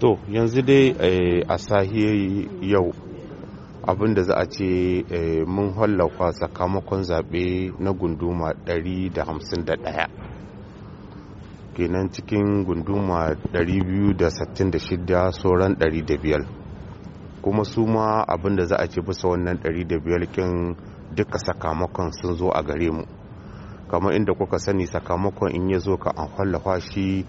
to yanzu dai eh, a sahi yau abinda da za a ce eh, mun hallafa sakamakon zaɓe na gunduma 151 kenan cikin gunduma 266 sauran 500 kuma su ma abin da za a ce bisa wannan 500 kin duka sakamakon sun zo a gare mu kamar inda kuka sani sakamakon in ya zo ka an hallafa shi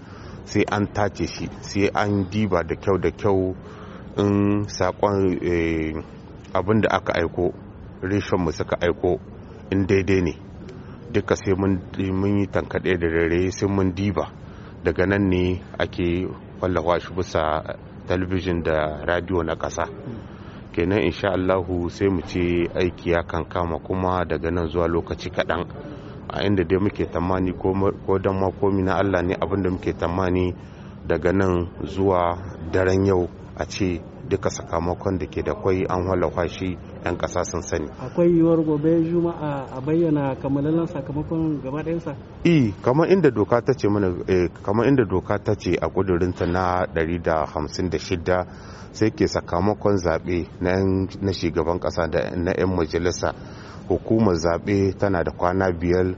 sai an tace shi sai an diba da kyau da kyau in sakon eh, abin da aka aiko reshen mu suka aiko in daidai ne duka sai mun yi tankaɗe da rere sai mun diba daga nan ne ake wallawa shi bisa talabijin da radio na ƙasa kenan insha Allahu sai mu ce aiki ya kankama kama kuma daga nan zuwa lokaci kaɗan a inda dai muke tamani ko don makomi na allah ne abin da muke tamani daga nan zuwa daren yau a ce duka sakamakon da ke da kwai an halawa shi 'yan ƙasa sun sani. Akwai yiwuwar gobe Juma'a a bayyana kamalallen sakamakon gaba ɗayansa? I, e, kamar inda doka ta ce mana e, kamar inda doka ta ce a ta na 156 sai ke sakamakon zaɓe na shugaban ƙasa da na 'yan majalisa hukumar zaɓe tana da kwana biyar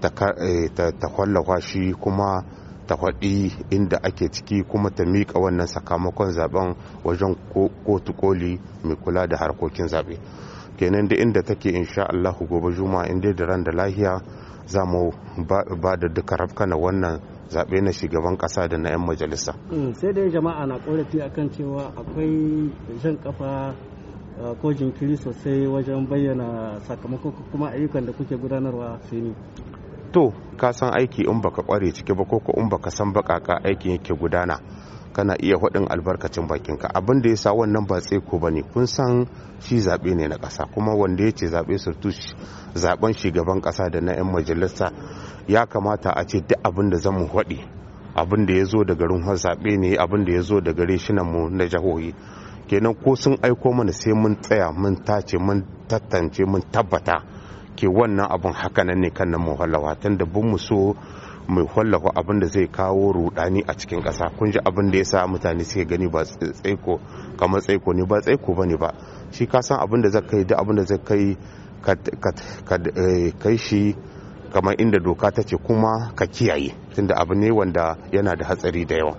ta kwallafa e, shi kuma ta faɗi inda ake ciki kuma ta miƙa wannan sakamakon zaben wajen kotu koli mai kula da harkokin zaɓe kenan da inda take insha Allah gobe juma inda da ran da lahiya za mu ba da duka na wannan zaɓe na shugaban ƙasa da na 'yan majalisa mm, sai dai jama'a na ƙorafi akan cewa akwai jan kafa uh, ko jinkiri sosai wajen bayyana sakamakon kuma ayyukan da kuke gudanarwa sai to ka san aiki in baka kware ciki ba ko ko in baka san bakaka aikin yake gudana kana iya hudin albarkacin bakinka abin da yasa wannan ba tseko bane kun san shi zabe ne na kasa kuma wanda ya ce zabe surtu zaben shugaban kasa da na yan majalisa ya kamata a ce duk abin da mu hudi abin da ya zo daga garin zabe ne abin da ya zo daga reshinan mu na jahohi kenan ko sun aiko mana sai mun tsaya mun tace mun tattance mun tabbata ke wannan abun nan ne kan nan mu hallawa tunda bin mu so mai hallawa abin da zai kawo rudani a cikin kasa kun ji abin da ya sa mutane suke gani ba tsaiko kamar tsaiko ne ba tsaiko ba ne ba shi ka san abin da zai kai da abin da zai kai eh, kai shi kamar inda doka ta ce kuma ka kiyaye tunda abu ne wanda yana da hatsari da yawa